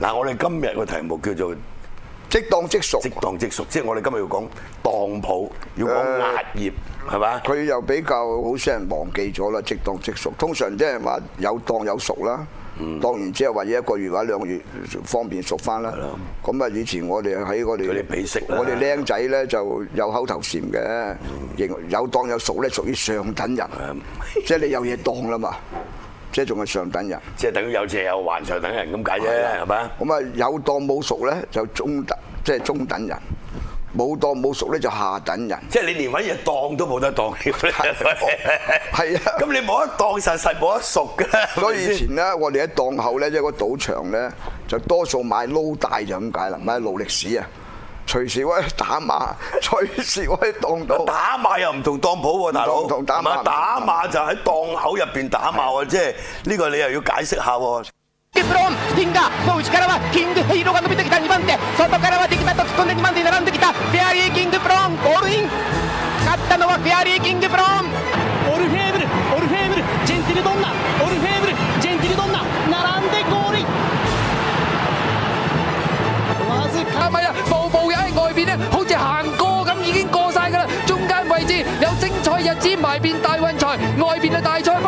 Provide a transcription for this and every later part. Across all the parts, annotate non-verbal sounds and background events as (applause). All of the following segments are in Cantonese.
嗱，我哋今日個題目叫做即當即熟，即當即熟，即係我哋今日要講當鋪，要講押業，係嘛、呃？佢吧又比較好少人忘記咗啦，即當即熟。通常啲人話有當有熟啦，當完之後或者一個月或者兩個月方便熟翻啦。咁啊、嗯，以前我哋喺我哋食，我哋僆仔咧就有口頭禪嘅，嗯、有當有熟咧屬於上等人，嗯、即係你有嘢當啦嘛。 (laughs) (laughs) 即係仲係上等人，即係等於有借有還上等人咁解啫，係嘛的？咁啊吧有當冇贖咧就中等，即係中等人；冇當冇贖咧就下等人。即係你連揾嘢當都冇得當嘅，係啊！ (laughs) 咁 (laughs) 你冇得當實實冇得贖嘅。所以以前咧， (laughs) 我哋喺檔口咧，即係個賭場咧，就多數買撈大就咁解啦，買勞力士啊。隨時可以打馬，隨時可以當鋪。打馬又唔同當鋪喎，大佬。唔同打馬，打馬就喺檔口入邊打馬啊！即係呢個你又要解釋下喎。好似行過咁，已經過曬㗎啦！中間位置有精彩日子埋，變大運財，外邊係大賽。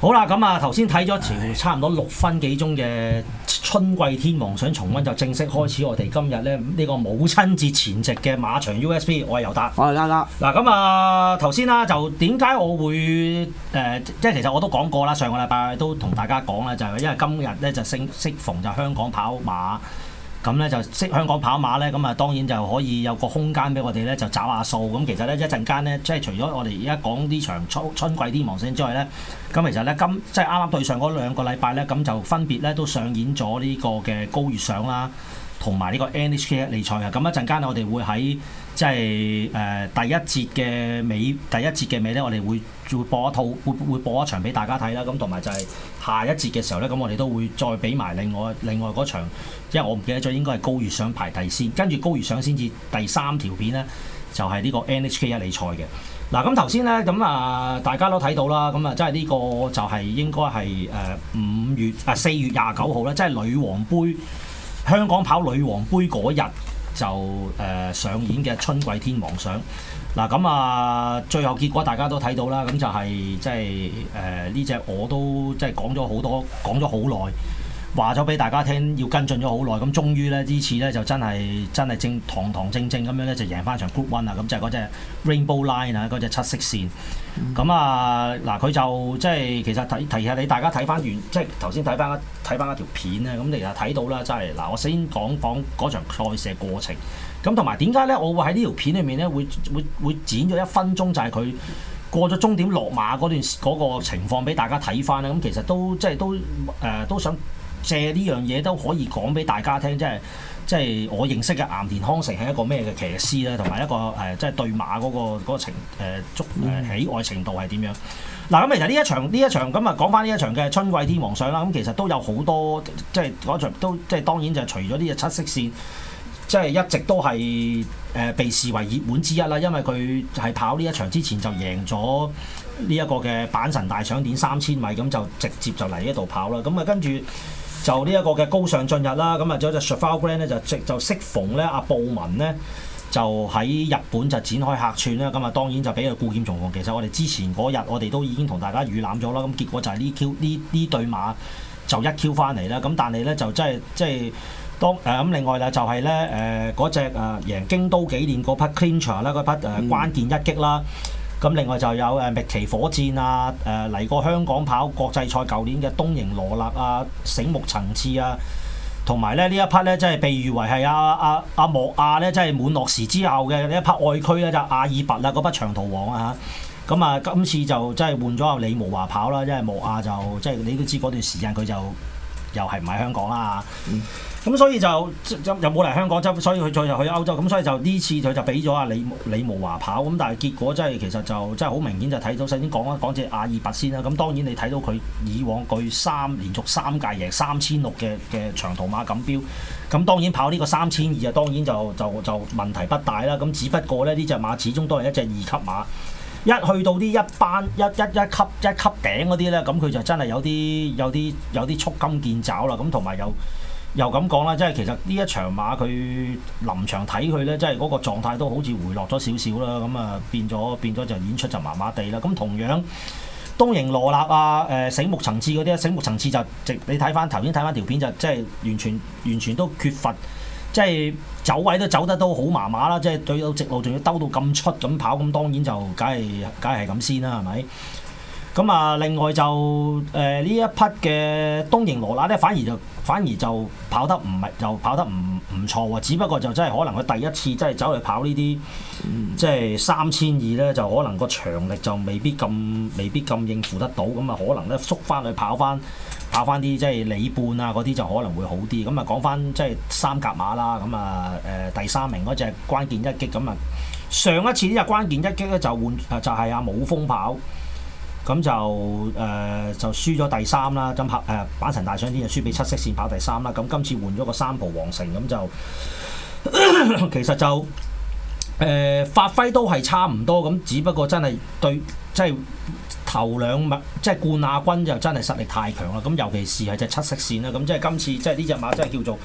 好啦，咁啊，頭先睇咗條差唔多六分幾鐘嘅春季天皇想重温，就正式開始我哋今日咧呢個母親節前夕嘅馬場 USB。我係尤達，我係 LakLak。嗱，咁啊，頭先啦，啊、就點解我會誒，即、呃、係其實我都講過啦，上個禮拜都同大家講咧，就係、是、因為今日咧就適適逢就香港跑馬。咁咧、嗯、就識香港跑馬咧，咁、嗯、啊當然就可以有個空間俾我哋咧，就找下數。咁、嗯、其實咧一陣間咧，即係除咗我哋而家講呢場春春季啲毛先之外咧，咁、嗯、其實咧今即係啱啱對上嗰兩個禮拜咧，咁、嗯、就分別咧都上演咗呢個嘅高月賞啦，同埋呢個 N H K 一哩賽嘅。咁一陣間我哋會喺即係誒、呃、第一節嘅尾，第一節嘅尾咧，我哋會會播一套，會會播一場俾大家睇啦。咁同埋就係下一節嘅時候咧，咁、嗯、我哋都會再俾埋另外另外嗰場。因為我唔記得咗，應該係皐月賞排第先，跟住皐月賞先至第三條片呢，就係、是、呢個 NHK 一哩賽嘅。嗱、啊，咁頭先呢，咁啊大家都睇到啦，咁啊真係呢個就係應該係誒五月啊四月廿九號咧，即係女王杯香港跑女王杯嗰日就誒、啊、上演嘅春季天皇賞啊。賞、啊。嗱，咁啊最後結果大家都睇到啦，咁、啊、就係即係誒呢隻我都即係講咗好多，講咗好耐。話咗俾大家聽，要跟進咗好耐，咁終於咧呢次咧就真係真係正堂堂正正咁樣咧就贏翻場 group one 啦，咁就係嗰隻 Rainbow Line 啊，嗰隻七色線。咁、嗯、啊嗱，佢就即係其實提提下你大家睇翻完，即係頭先睇翻睇翻一條片咧，咁你又睇到啦，真係嗱，我先講講嗰場賽事過程。咁同埋點解咧，我會喺呢條片裏面咧會會會剪咗一分鐘，就係佢過咗終點落馬嗰段嗰、嗰個情況俾大家睇翻咧。咁其實都即係都誒、呃、都想。都想借呢樣嘢都可以講俾大家聽，即係即係我認識嘅岩田康誠係一個咩嘅騎師咧，同埋一個誒即係對馬嗰、那個嗰、那個情誒足、呃、喜愛程度係點樣？嗱咁、嗯啊、其實呢一場呢一場咁啊講翻呢一場嘅春季天皇賞啦，咁其實都有好多即係嗰場都即係當然就係除咗呢隻七色線，即係一直都係誒被視為熱門之一啦，因為佢係跑呢一場之前就贏咗呢一個嘅阪神大賞典三千米，咁就直接就嚟呢度跑啦，咁啊跟住。就呢一個嘅高尚進入啦，咁啊仲有隻 Shuffle Grand 咧就就，就適逢咧阿布文咧就喺日本就展開客串啦，咁啊當然就畀佢顧險重橫。其實我哋之前嗰日我哋都已經同大家預覽咗啦，咁結果就係呢 Q 呢呢對馬就一 Q 翻嚟啦，咁但係咧就真係即係當誒咁、啊、另外啦就係咧誒嗰隻誒贏京都紀念嗰匹 Clincher 啦嗰匹誒、嗯、關鍵一擊啦。咁另外就有誒麥奇火箭啊，誒嚟過香港跑國際賽，舊年嘅東瀛羅勒啊、醒目層次啊，同埋咧呢一匹咧，即係被譽為係阿阿阿莫亞咧，即係滿落時之後嘅呢一匹外區咧就係亞爾拔啊，嗰匹長途王啊嚇。咁啊今次就即係換咗阿李無華跑啦，因為莫亞就即係你都知嗰段時間佢就又係唔喺香港啦。嗯咁、嗯、所以就又冇嚟香港，即所以佢再就去歐洲，咁所以就呢次佢就俾咗阿李李慕華跑，咁但係結果真、就、係、是、其實就真係好明顯就睇到，首先講，講一講隻亞爾拔先啦。咁當然你睇到佢以往佢三連續三屆贏三千六嘅嘅長途馬錦標，咁當然跑呢個三千二啊，當然就就就，就問題不大啦。咁只不過咧，呢隻馬始終都係一隻二級馬，一去到呢一班一一一,一級一級頂嗰啲咧，咁佢就真係有啲有啲有啲捉襟見肘啦，咁同埋有。又咁講啦，即係其實呢一場馬佢臨場睇佢呢，即係嗰個狀態都好似回落咗少少啦，咁啊變咗變咗就演出就麻麻地啦。咁同樣東瀛羅立啊，誒醒目層次嗰啲醒目層次就直你睇返頭先睇返條片就即係完全完全都缺乏，即係走位都走得都好麻麻啦，即係對到直路仲要兜到咁出咁跑，咁當然就梗係梗係係咁先啦，係咪、就是？咁啊、嗯，另外就誒呢、呃、一匹嘅東瀛羅拉咧，反而就反而就跑得唔係，就跑得唔唔錯喎。只不過就真係可能佢第一次真係走去跑、嗯嗯、3，呢啲，即係三千二咧，就可能個長力就未必咁，未必咁應付得到。咁、嗯、啊，可能咧縮翻去跑翻跑翻啲即係里半啊嗰啲，就可能會好啲。咁、嗯、啊，講翻即係三甲馬啦。咁啊誒第三名嗰隻關鍵一擊咁啊、嗯，上一次呢隻關鍵一擊咧就換就係阿武豐跑。咁就誒、呃、就輸咗第三啦，今拍誒阪神大賞典就輸俾七色線跑第三啦。咁今次換咗個三浦皇成，咁就 (laughs) 其實就誒、呃、發揮都係差唔多，咁只不過真係對即係、就是、頭兩馬，即、就、係、是、冠亞軍就真係實力太強啦。咁尤其是係隻七色線啦，咁即係今次即係呢隻馬真係叫做，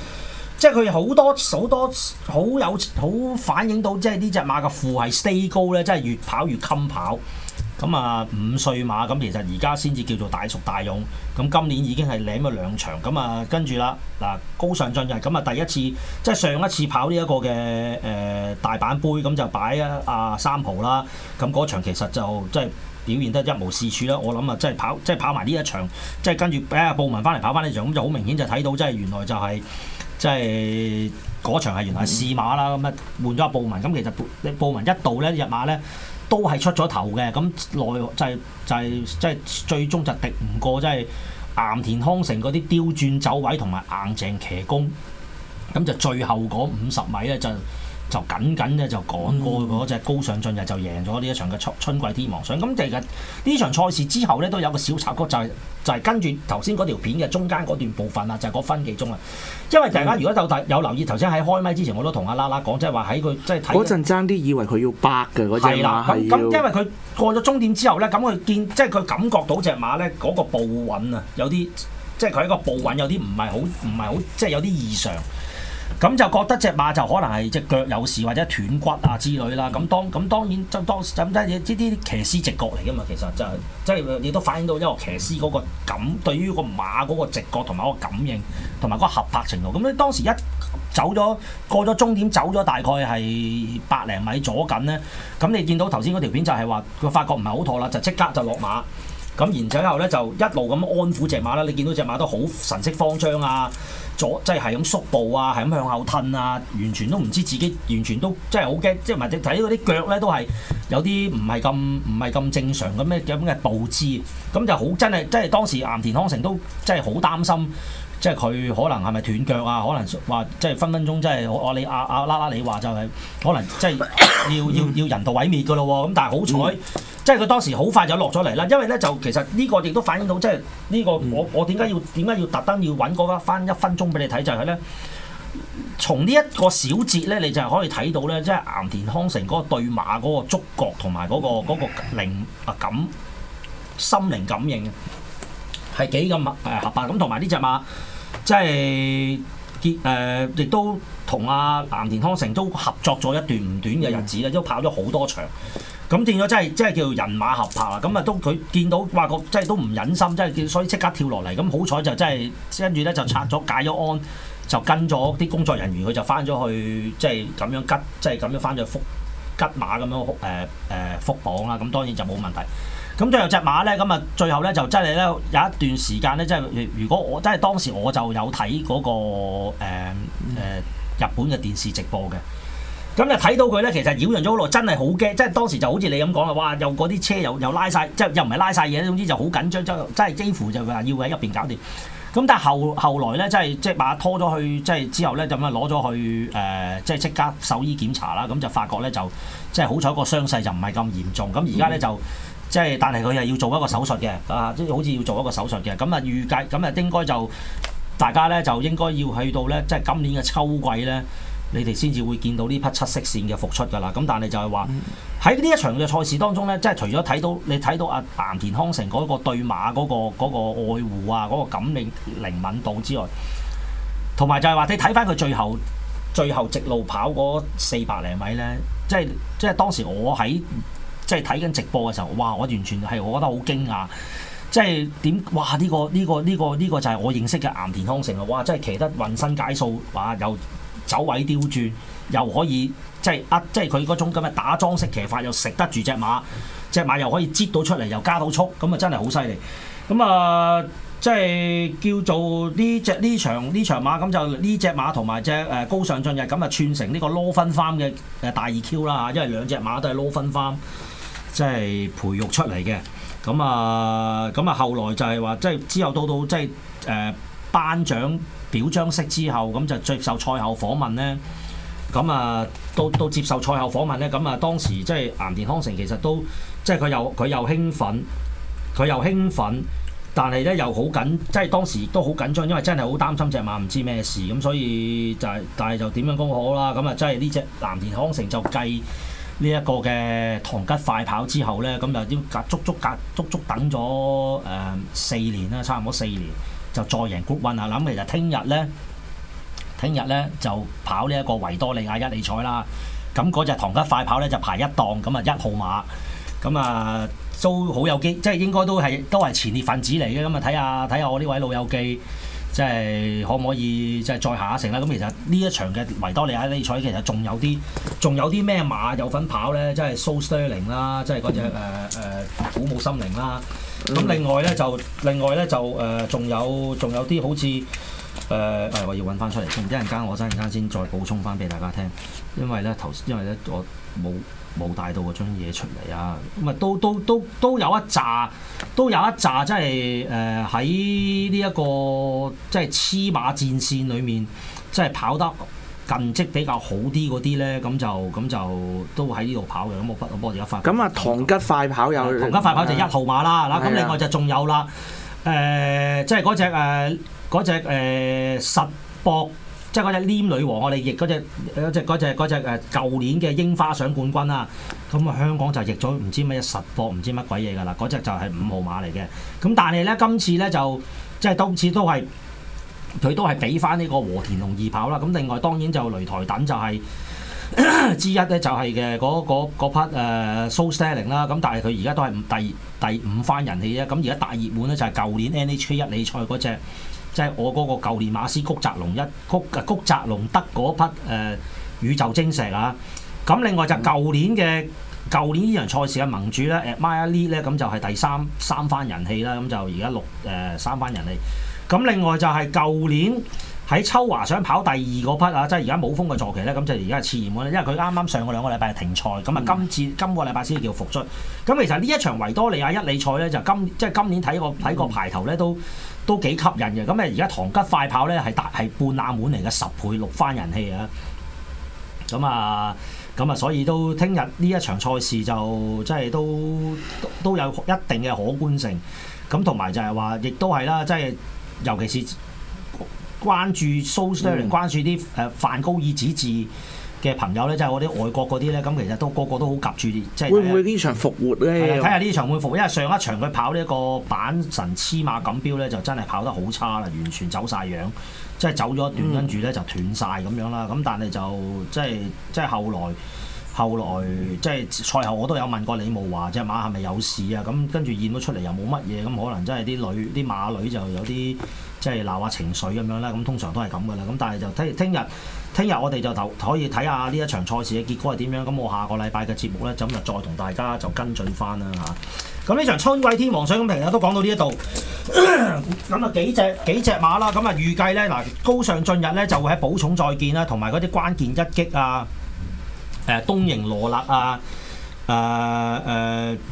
即係佢好多好多好有好反映到，即係呢隻馬嘅負係 stay 高咧，即係越跑越襟跑。咁啊五歲馬咁其實而家先至叫做大熟大勇。咁今年已經係攬咗兩場，咁啊跟住啦嗱高上進就咁啊第一次即係上一次跑呢一個嘅誒大阪杯咁就擺啊啊三浦啦，咁嗰場其實就即係表現得一無是處啦，我諗啊即係跑即係跑埋呢一場，即係跟住誒布文翻嚟跑翻呢場咁就好明顯就睇到即係原來就係、是、即係嗰場係原來是試馬啦，咁啊、嗯、換咗阿布文，咁其實布布文一度咧日馬咧。都係出咗頭嘅，咁內就係，就係，即係，最終就敵唔過，即係岩田康誠嗰啲刁鑽走位同埋硬淨騎攻，咁就最後嗰五十米咧就。就緊緊嘅就趕過嗰隻、嗯、高上進，就就贏咗呢一場嘅春季天王賞。咁第二日呢場賽事之後咧，都有個小插曲，就係、是、就係、是、跟住頭先嗰條片嘅中間嗰段部分啦，就係、是、嗰分幾鐘啊。因為大家如果有大、嗯、有留意頭先喺開咪之前，我都同阿拉拉講，即係話喺佢即係睇嗰陣爭啲以為佢要跛嘅嗰隻馬，係啦，咁因為佢過咗終點之後咧，咁佢見即係佢感覺到隻馬咧嗰、那個步韻啊，有啲即係佢喺個步韻有啲唔係好唔係好，即係、就是、有啲異常。咁就覺得隻馬就可能係隻腳有事或者斷骨啊之類啦。咁當咁當然就當咁啲嘢，呢啲騎師直覺嚟噶嘛。其實就即係你都反映到一個騎師嗰個感，對於個馬嗰個直覺同埋個感應同埋嗰個合拍程度。咁你當時一走咗過咗終點，走咗大概係百零米左近咧。咁你見到頭先嗰條片就係話佢發覺唔係好妥啦，就即刻就落馬。咁然之後咧就一路咁安撫隻馬啦。你見到隻馬都好神色慌張啊！左即係係咁縮步啊，係咁向後褪啊，完全都唔知自己，完全都即係好驚，即係唔係你睇嗰啲腳咧都係有啲唔係咁唔係咁正常咁嘅咁嘅步姿。咁就好真係即係當時岩田康成都即係好擔心，即係佢可能係咪斷腳啊？可能話即係分分鐘即係我你啊啊啦啦，你話、啊啊啊、就係、是、可能即係要、嗯、要要人道毀滅噶咯喎，咁但係好彩、嗯。即係佢當時好快就落咗嚟啦，因為咧就其實呢個亦都反映到，即係呢個我我點解要點解要特登要揾嗰一翻一分鐘俾你睇就係、是、咧，從呢一個小節咧，你就係可以睇到咧，即係岩田康誠嗰個對馬嗰、那個觸覺同埋嗰個嗰、那個、靈啊感心靈感應嘅，係幾咁誒合拍咁，同埋呢隻馬即係結誒、呃、亦都同阿岩田康誠都合作咗一段唔短嘅日子咧，都跑咗好多場。咁、嗯、變咗真係真係叫人馬合拍啦，咁、嗯、啊、嗯、都佢見到話個真係都唔忍心，即係見所以即刻跳落嚟，咁好彩就真、是、係跟住咧就拆咗解咗鞍，就跟咗啲工作人員佢就返咗去，即係咁樣吉，即係咁樣返咗覆吉馬咁樣誒誒覆磅啦，咁當然就冇問題。咁最後隻馬咧，咁啊最後咧就真係咧有一段時間咧，即係如果我真係當時我就有睇嗰、那個誒、呃、日本嘅電視直播嘅。咁就睇到佢咧，其實擾攘咗好耐，真係好驚。即係當時就好似你咁講啦，哇！又嗰啲車又又拉晒，即係又唔係拉晒嘢咧。總之就好緊張，即係即幾乎就話要喺入邊搞掂。咁但係後後來咧，即係即係把拖咗去，即係之後咧，咁啊攞咗去誒、呃，即係即刻獸醫檢查啦。咁就發覺咧，就即係好彩個傷勢就唔係咁嚴重。咁而家咧就即係，但係佢係要做一個手術嘅啊，即係好似要做一個手術嘅。咁啊預計咁啊應該就大家咧就，就，就，就應該要去到咧，即係今年嘅秋季咧。你哋先至會見到呢匹七色線嘅復出㗎啦，咁但係就係話喺呢一場嘅賽事當中呢，即係除咗睇到你睇到阿、啊、岩田康誠嗰個對馬嗰、那個嗰、那個、愛護啊，嗰、那個感應靈敏度之外，同埋就係話你睇翻佢最後最後直路跑嗰四百零米呢。即係即係當時我喺即係睇緊直播嘅時候，哇！我完全係我覺得好驚訝，即係點哇？呢、這個呢、這個呢、這個呢、這個就係我認識嘅岩田康誠啦！哇！真係騎得渾身解數，哇！又～走位刁轉，又可以即係呃，即係佢嗰種咁嘅打裝式騎法，又食得住隻馬，隻馬又可以擠到出嚟，又加到速，咁啊真係好犀利。咁啊，即係叫做呢隻呢場呢場馬，咁就呢隻馬同埋隻誒高尚進入，咁啊串成呢個羅分番嘅誒大二 Q 啦嚇，因為兩隻馬都係羅分番，即係培育出嚟嘅。咁啊，咁啊，後來就係話，即係之後到到即係誒頒獎。呃表彰式之後，咁就接受賽後訪問呢。咁啊，到到接受賽後訪問呢。咁啊當時即係岩田康誠，其實都即係佢又佢又興奮，佢又興奮，但係呢又好緊，即係當時都好緊張，因為真係好擔心隻馬唔知咩事。咁所以就係但係就點樣都好啦。咁啊，即係呢隻岩田康誠就計呢一個嘅唐吉快跑之後呢，咁就點隔足足隔足足，足，足，足足等咗誒、呃、四年啦，差唔多四年。就再贏 Group One 啊！諗其實聽日咧，聽日咧就跑呢一個維多利亞一哩賽啦。咁嗰隻唐吉快跑咧就排一檔，咁啊一號馬，咁啊都好有機，即係應該都係都係前列分子嚟嘅。咁啊睇下睇下我呢位老友記，即係可唔可以即係再下一城咧？咁其實呢一場嘅維多利亞一哩賽其實仲有啲，仲有啲咩馬有份跑咧？即係 Soul Stirring 啦，即係嗰隻誒誒古木心靈啦。咁，嗯，另外咧就另外咧就誒仲有仲有啲好似誒誒我要揾翻出嚟先，一陣間我一陣間先再補充翻俾大家聽，因為咧頭先因為咧我冇冇帶到嗰張嘢出嚟啊，咁啊都都都都有一紮都有一紮即係誒喺呢一個即係黐馬戰線裏面，即係跑得。成績比較好啲嗰啲咧，咁就咁就都喺呢度跑嘅。咁我不我幫你而家發。咁啊，唐吉快跑又有。唐吉快跑就一號馬啦。嗱，咁另外就仲有啦。誒即係嗰隻誒隻誒實博，即係嗰隻黏女王。我哋譯嗰隻隻隻隻誒舊年嘅櫻花賞冠軍啊。咁啊，香港就譯咗唔知乜嘢實博，唔知乜鬼嘢㗎啦。嗰隻就係五號馬嚟嘅。咁但係咧，今次咧就即係當次都係。佢都係俾翻呢個和田龍二跑啦，咁另外當然就擂台等就係、是、 (coughs) 之一咧，就係嘅嗰匹誒 Sustaining 啦，咁、呃啊、但係佢而家都係第第五番人氣啫，咁而家大熱門咧就係舊年 NHK 一理賽嗰隻，即、就、係、是、我嗰個舊年馬斯谷澤龍一谷啊谷澤龍德嗰匹誒、呃、宇宙精石啊，咁另外就舊年嘅舊年呢場賽事嘅盟主咧，誒 Admire Lead 咧，咁就係第三三番人氣啦，咁就而家六誒三番人氣。啊咁另外就係舊年喺秋華想跑第二嗰匹啊，即係而家冇風嘅坐騎咧，咁就而家係次熱門，因為佢啱啱上個兩個禮拜停賽，咁啊今次今個禮拜先至叫復出。咁其實呢一場維多利亞一哩賽咧，就今即係、就是、今年睇個睇個排頭咧，都都幾吸引嘅。咁啊而家唐吉快跑咧係達係半冷門嚟嘅十倍六番人氣啊。咁啊咁啊，所以都聽日呢一場賽事就即係都都，都有一定嘅可觀性。咁同埋就係話，亦都係啦，即係。尤其是關注 s o t、嗯、關注啲誒梵高、易子字嘅朋友咧，即係我啲外國嗰啲咧，咁其實都個個都好及住啲。即睇下會唔會呢場復活咧？睇下呢場會唔會復活？因為上一場佢跑呢個阪神黐馬錦標咧，就真係跑得好差啦，完全走晒樣，即係走咗一段，嗯、跟住咧就斷晒咁樣啦。咁但係就即係即係後來。後來即係賽後，我都有問過李慕華，隻馬係咪有事啊？咁跟住驗咗出嚟又冇乜嘢，咁可能真係啲女啲馬女就有啲即係鬧下情緒咁樣啦。咁通常都係咁噶啦。咁但係就聽聽日聽日我哋就可以睇下呢一場賽事嘅結果係點樣。咁我下個禮拜嘅節目呢，咁又再同大家就跟進翻啦嚇。咁呢場春季天皇賞咁平咧都講到呢一度。咁啊 (coughs) 幾隻幾隻馬啦？咁啊預計呢，嗱，高上進日呢，就會喺補重再見啦，同埋嗰啲關鍵一擊啊！誒東瀛羅勒啊，誒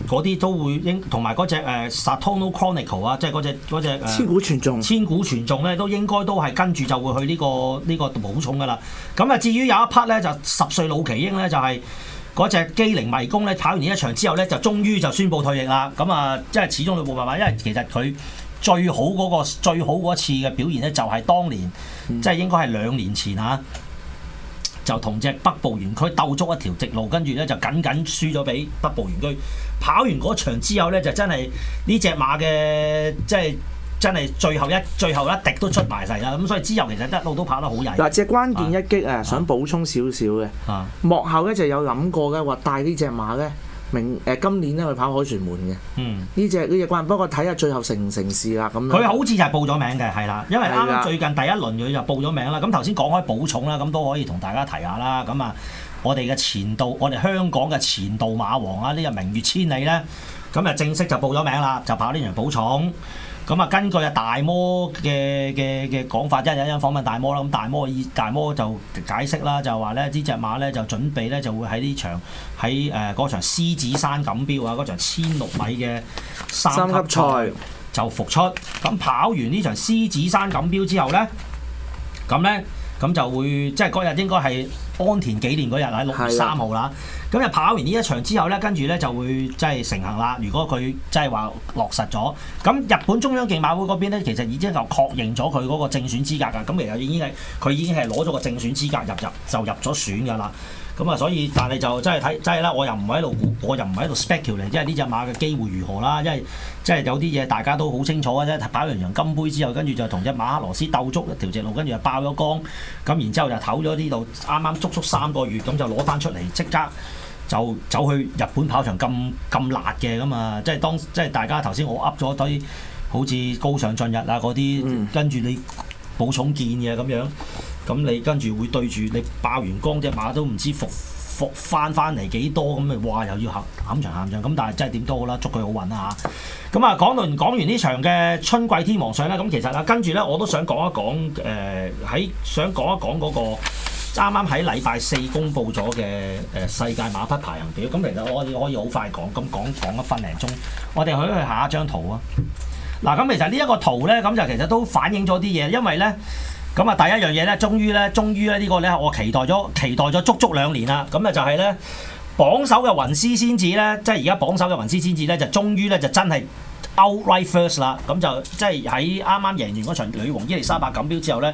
誒嗰啲都會應，同埋嗰隻誒《Satono、呃、Chronicle》Chron 啊，即係嗰隻嗰隻千古傳誦，千古傳誦咧都應該都係跟住就會去呢、這個呢、這個補充噶啦。咁啊，至於有一匹咧，就十歲老奇英咧，就係嗰隻機靈迷宮咧，跑完一場之後咧，就終於就宣佈退役啦。咁啊，即係始終你冇辦法，因為其實佢最好嗰、那個最好嗰次嘅表現咧，就係、是、當年、嗯、即係應該係兩年前嚇、啊。就同隻北部園區鬥足一條直路，跟住咧就僅僅輸咗俾北部園區。跑完嗰場之後咧，就真係呢隻馬嘅，即係真係最後一最後一滴都出埋晒啦。咁所以之後其實一路都跑得好曳。嗱、啊，只關鍵一擊啊，想補充少少嘅。幕後咧就有諗過嘅，話帶呢隻馬咧。明誒，今年咧去跑凱旋門嘅，嗯，呢隻呢隻關，不過睇下最後成唔成事啦咁。佢好似就係報咗名嘅，係啦，因為啱啱最近第一輪佢就報咗名啦。咁頭先講開寶塚啦，咁都可以同大家提下啦。咁啊，我哋嘅前度，我哋香港嘅前度馬王啊，呢個明月千里咧，咁啊正式就報咗名啦，就跑呢場寶塚。咁啊，根據啊大魔嘅嘅嘅講法，即係有一日訪問大魔啦，咁大魔意大魔就解釋啦，就話咧，呢隻馬咧就準備咧就會喺呢場喺誒嗰場獅子山錦標啊，嗰場千六米嘅三級賽就復出。咁跑完呢場獅子山錦標之後咧，咁咧咁就會即係嗰日應該係安田紀念嗰日，喺六月三號啦。咁又跑完呢一場之後咧，跟住咧就會即係成行啦。如果佢即係話落實咗，咁日本中央競馬會嗰邊咧，其實已經就確認咗佢嗰個正選資格噶。咁其實已經係佢已經係攞咗個正選資格入入就入咗選噶啦。咁啊，所以但係就真係睇真係啦，我又唔係喺度估，我又唔係喺度 speculate，因為呢隻馬嘅機會如何啦？因為即係有啲嘢大家都好清楚嘅啫。跑完羊金杯之後，跟住就同隻馬克羅斯鬥足一條直路，跟住就爆咗缸，咁然之後就唞咗呢度啱啱足足三個月，咁就攞翻出嚟即刻。就走去日本跑場咁咁辣嘅咁啊！即係當即係大家頭先我噏咗堆好似高上進日啊嗰啲，跟住你補重建嘅咁樣，咁你跟住會對住你爆完光隻馬都唔知復復翻翻嚟幾多咁啊！哇，又要喊場喊場咁，但係真係點都好啦，祝佢好運啦吓。咁啊，講輪講完呢場嘅春季天皇賞咧，咁其實啊，跟住咧我都想講一講誒，喺、呃、想講一講嗰、嗰個啱啱喺禮拜四公布咗嘅誒世界馬匹排行表，咁其實我哋可以好快講，咁講講一分零鐘，我哋去去下一張圖啊。嗱，咁其實呢一個圖咧，咁就其實都反映咗啲嘢，因為咧，咁啊第一樣嘢咧，終於咧，終於咧，呢、呢個咧，我期待咗期待咗足足兩年啦，咁啊就係咧，榜首嘅雲絲仙子咧，即係而家榜首嘅雲絲仙子咧，就終於咧就真係 outright first 啦，咁就即係喺啱啱贏完嗰場女王伊麗莎白錦標之後咧，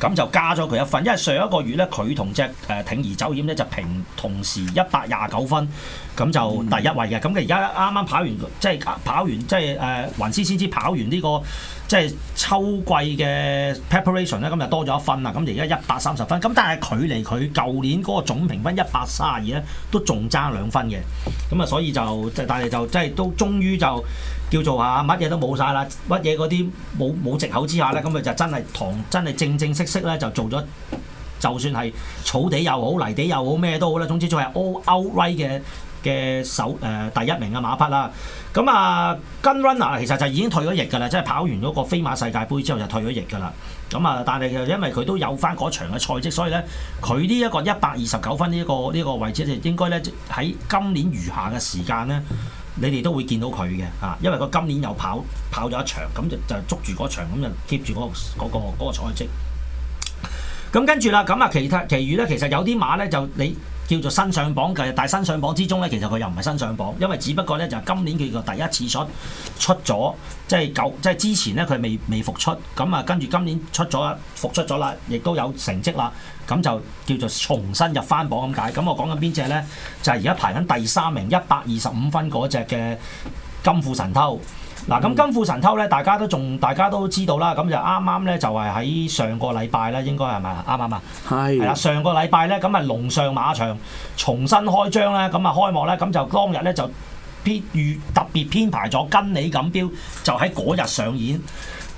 咁就加咗佢一份，因為上一個月咧佢同隻誒、呃、鋌而走險咧就平同時一百廿九分，咁就第一位嘅。咁佢而家啱啱跑完，即係跑完即係誒雲絲仙子跑完呢、呃呢個即係秋季嘅 preparation 咧，咁就多咗一分啦。咁而家一百三十分，咁但係距離佢舊年嗰個總評分一百三十二咧，都仲爭兩分嘅。咁啊，所以就但係就即係都終於就。叫做啊乜嘢都冇晒啦，乜嘢嗰啲冇冇藉口之下咧，咁佢就真係同真係正正式式咧就做咗，就算係草地又好、泥地又好咩都好啦，總之都係 all outright 嘅嘅首誒、呃、第一名嘅馬匹啦。咁啊，Gun Runner 其實就已經退咗役噶啦，即係跑完嗰個飛馬世界盃之後就退咗役噶啦。咁啊，但係因為佢都有翻嗰場嘅賽績，所以咧佢呢一個一百二十九分呢、呢、一個呢一、呢個、位置，就應該咧喺今年餘下嘅時間咧。你哋都會見到佢嘅，嚇，因為佢今年又跑跑咗一場，咁就就捉住嗰場，咁就 keep 住嗰嗰個嗰、嗰個賽績。咁、嗰個、跟住啦，咁啊其他其餘咧，其實有啲馬咧就你。叫做新上榜，其實但新上榜之中咧，其實佢又唔係新上榜，因為只不過咧就係、是、今年佢個第一次出出咗，即係九，即係之前咧佢未未復出，咁啊跟住今年出咗復出咗啦，亦都有成績啦，咁、嗯、就叫做重新入返榜咁解。咁、嗯、我講緊邊隻咧？就係而家排緊第三名一百二十五分嗰隻嘅金庫神偷。嗱，咁、啊《嗯、金庫神偷》咧，大家都仲大家都知道啦，咁就啱啱咧就係喺上個禮拜啦，應該係咪啱啱啊？係。係啦， (noise) 上個禮拜咧，咁啊龍上馬場重新開張啦，咁啊開幕啦，咁就當日咧就編預特別編排咗跟你錦標，就喺嗰日上演。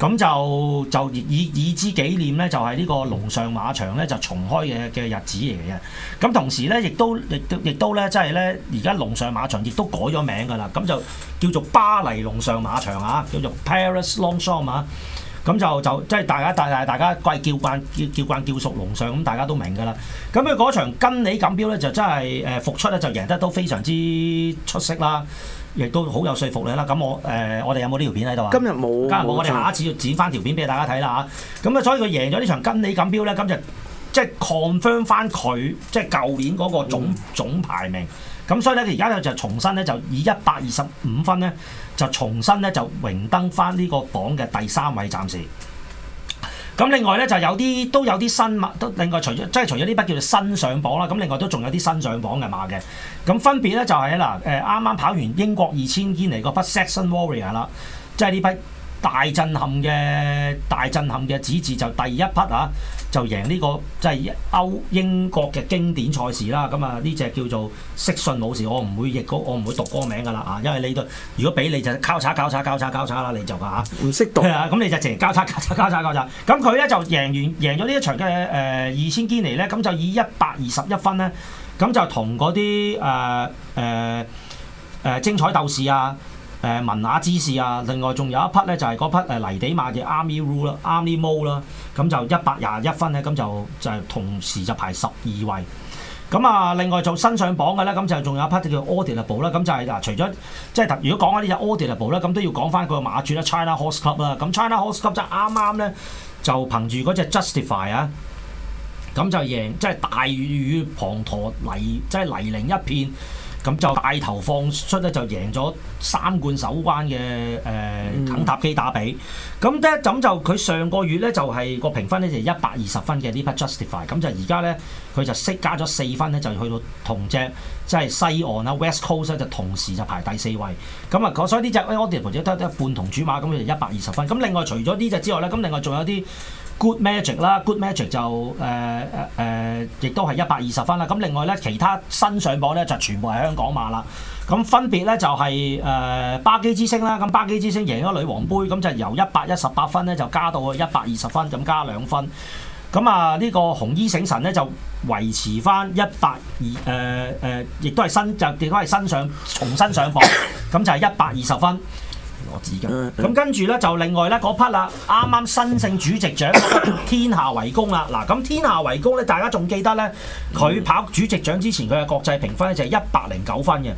咁就就以以之紀念咧，就係、是、呢個龍上馬場咧，就是、重開嘅嘅日子嚟嘅。咁同時咧，亦都亦都亦都咧，即係咧，而家龍上馬場亦都改咗名㗎喇。咁就叫做巴黎龍上馬場啊，叫做 Paris Longchamp 啊。咁就就即係大家大大家貴叫,叫,叫慣叫叫慣叫屬龍上咁大家都明㗎啦。咁佢嗰場跟你錦標咧就真係誒、呃、復出咧就贏得都非常之出色啦，亦都好有說服力啦。咁我誒、呃、我哋有冇呢條片喺度啊？今日冇，今日冇。沒我哋下一次要剪翻條片俾大家睇啦嚇。咁啊、嗯，所以佢贏咗呢場跟你錦標咧，今日即係 confirm 翻佢即係、就、舊、是、年嗰個總、嗯、總排名。咁所以咧，而家咧就重新咧就以一百二十五分咧就重新咧就榮登翻呢個榜嘅第三位暫時。咁另外咧就有啲都有啲新馬，都另外除咗即係除咗呢筆叫做新上榜啦，咁另外都仲有啲新上榜嘅馬嘅。咁分別咧就係嗱誒，啱啱跑完英國二千堅尼個筆 Saxon Warrior 啦，即係呢筆。大震撼嘅大震撼嘅指字就第一匹啊，就贏呢個即係歐英國嘅經典賽事啦。咁啊，呢隻叫做識信武士，我唔會譯稿，我唔會讀歌名噶啦啊，因為你如果俾你就交叉交叉交叉交叉啦，你就話吓會識讀係啊。咁你就淨交叉交叉交叉交叉。咁佢咧就贏完贏咗呢一場嘅誒二千堅尼咧，咁就以一百二十一分咧，咁就同嗰啲誒誒誒精彩鬥士啊！誒文雅之士啊！另外仲有一匹咧，就係嗰匹誒泥地馬嘅 Ar Army Rule 啦，Army Mo 啦，咁就一百廿一分咧，咁就就同時就排十二位。咁啊，另外就新上榜嘅咧，咁就仲有一匹叫 Audible 啦，咁就係嗱，除咗即係如果講啊呢隻 Audible 咧，咁都要講翻佢個馬主啦，China Horse Club 啦，咁 China Horse Club 就啱啱咧就憑住嗰隻 Justify 啊，咁就贏，即係大雨滂沱泥，即係泥濘一片。咁就大頭放出咧，就贏咗三冠首關嘅誒、呃、肯塔基打比。咁咧、嗯，咁就佢上個月咧就係、是、個評分咧就一百二十分嘅、嗯、呢匹 Justify。咁就而家咧佢就識加咗四分咧，就去到同隻，即、就、係、是、西岸啊 West Coast 咧就同時就排第四位。咁啊，所以呢、哎、隻咧，我哋頭先得得半同主馬咁，佢就一百二十分。咁另外除咗呢隻之外咧，咁另外仲有啲。Good Magic 啦，Good Magic 就誒誒誒，亦都係一百二十分啦。咁、啊、另外咧，其他新上榜咧就全部係香港馬啦。咁、啊、分別咧就係、是、誒、呃、巴基之星啦。咁、啊、巴基之星贏咗女王杯，咁、啊、就由一百一十八分咧就加到一百二十分，咁加兩分。咁啊，呢、這個紅衣醒神咧就維持返一百二誒誒，亦都係新就亦都係新上重新上榜，咁 (coughs) 就係一百二十分。咁、 (music) 嗯、跟住呢，就另外呢嗰匹啦，啱啱新勝主席獎，天下為公啦。嗱，咁天下為公呢，大家仲記得呢？佢跑主席獎之前佢嘅國際評分呢就係一百零九分嘅。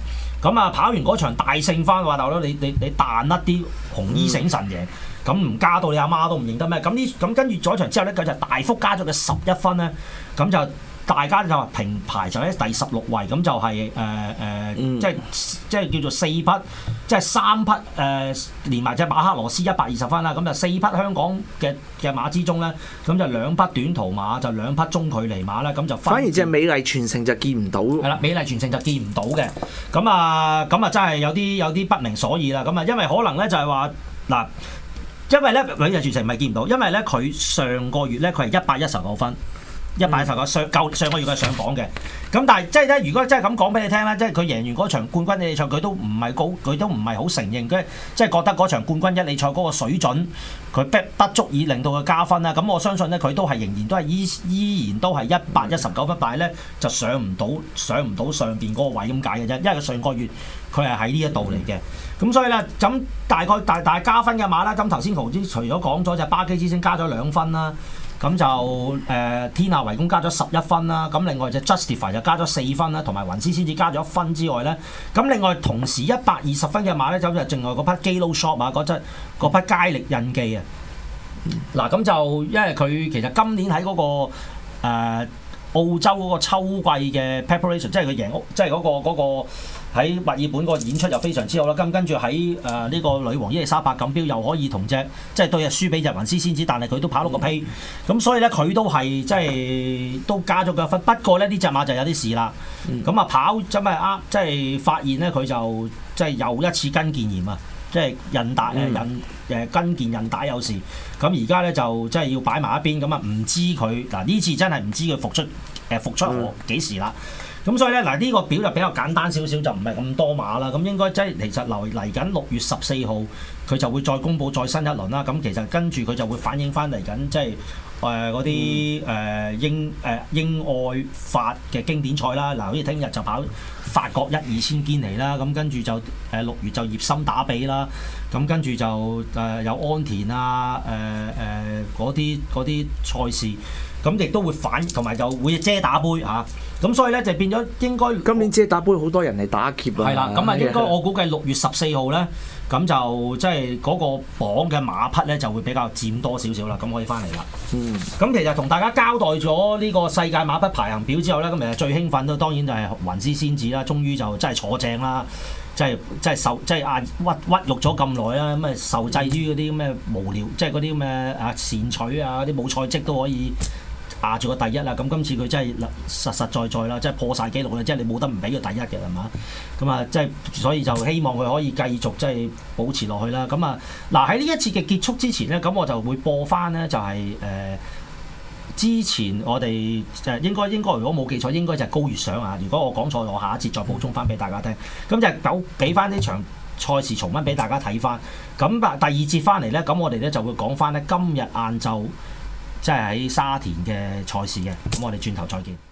咁、嗯、啊，嗯、跑完嗰場大勝翻，話大佬你你你彈甩啲紅衣醒神嘅，咁、嗯、唔、嗯、加到你阿媽都唔認得咩？咁呢咁跟住咗場之後呢，佢就大幅加咗佢十一分呢。咁就。大家就話平排就喺第十六位，咁就係誒誒，呃嗯、即係即係叫做四匹，即係三匹誒、呃、連埋隻馬克羅斯一百二十分啦，咁就四匹香港嘅嘅馬之中咧，咁就兩匹短途馬，就是、兩匹中距離馬啦，咁就反而隻美麗傳承就見唔到。係啦，美麗傳承就見唔到嘅。咁啊，咁啊真係有啲有啲不明所以啦。咁啊，因為可能咧就係話嗱，因為咧美麗傳承咪見唔到，因為咧佢上個月咧佢係一百一十六分。一百一十九上，舊上個月佢上榜嘅，咁但係即係咧，如果真係咁講俾你聽啦，即係佢贏完嗰場冠軍一理賽，佢都唔係好，佢都唔係好承認，即係即係覺得嗰場冠軍一理賽嗰個水準，佢不足以令到佢加分啦。咁我相信咧，佢都係仍然都係依依然都係一百一十九不敗咧，就上唔到上唔到上邊嗰個位咁解嘅啫，因為佢上個月佢係喺呢一度嚟嘅。咁、嗯、所以咧，咁大概大大加分嘅馬啦。咁頭先同之，除咗講咗就巴基之星加咗兩分啦。咁就誒天下圍攻加咗十一分啦，咁另外隻 Justify 就加咗四分啦，同埋雲絲先至加咗一分之外咧，咁另外同時一百二十分嘅馬咧，就另外嗰匹 Galloshop 啊，嗰隻嗰匹佳力印記啊，嗱咁就因為佢其實今年喺嗰、嗰個、呃澳洲嗰個秋季嘅 preparation，即係佢贏屋，即係嗰、嗰個喺墨、嗰個、爾本嗰個演出又非常之好啦。咁跟住喺誒呢個女王伊麗莎白錦標又可以同隻，即係對日輸俾隻雲絲仙子，但係佢都跑到個批、嗯。咁所以咧，佢都係即係都加咗腳分。不過咧，呢隻馬就有啲事啦。咁啊、嗯，跑真係呃，即係發現咧，佢就即係又一次跟腱炎啊！即係韌帶誒韌誒跟腱韌帶有事。咁而家咧就即係要擺埋一邊，咁啊唔知佢嗱呢次真係唔知佢復出誒復出幾時啦。咁、嗯、所以咧嗱呢、這個表就比較簡單少少，就唔係咁多馬啦。咁應該即係其實嚟嚟緊六月十四號佢就會再公佈再新一輪啦。咁其實跟住佢就會反映翻嚟緊即係誒嗰啲誒英誒、呃、英愛法嘅經典賽啦。嗱，好似聽日就跑法國一二千堅尼啦，咁跟住就誒六、呃、月就葉森打比啦。咁跟住就誒、呃、有安田啊，誒誒嗰啲嗰啲賽事，咁、嗯、亦都會反同埋就會遮打杯嚇，咁、啊、所以咧就變咗應該今年遮打杯好多人嚟打劫啦，係啦，咁、嗯、啊應該我估計六月十四號咧，咁就即係嗰個榜嘅馬匹咧就會比較佔多少少啦，咁可以翻嚟啦。嗯，咁其實同大家交代咗呢個世界馬匹排行表之後咧，咁其實最興奮都當然就係雲絲仙子啦，終於就真係坐正啦。即係受即係壓屈屈，屈辱咗咁耐啦，咁啊受制於嗰啲咩無聊，即係嗰啲咩啊善取啊，啲冇賽績都可以壓住個第一啦。咁今次佢真係實實在在啦，即係破晒紀錄啦，即係你冇得唔俾佢第一嘅係嘛？咁啊，即係所以就希望佢可以繼續即係保持落去啦。咁啊，嗱喺呢一次嘅結束之前咧，咁我就會播翻咧就係、是、誒。呃之前我哋就應該應該，如果冇記錯，應該就係高月賞啊。如果我講錯，我下一節再補充翻俾大家聽。咁就走，俾翻呢場賽事重温俾大家睇翻。咁啊，第二節翻嚟呢，咁我哋呢就會講翻呢今日晏晝即係喺沙田嘅賽事嘅。咁我哋轉頭再見。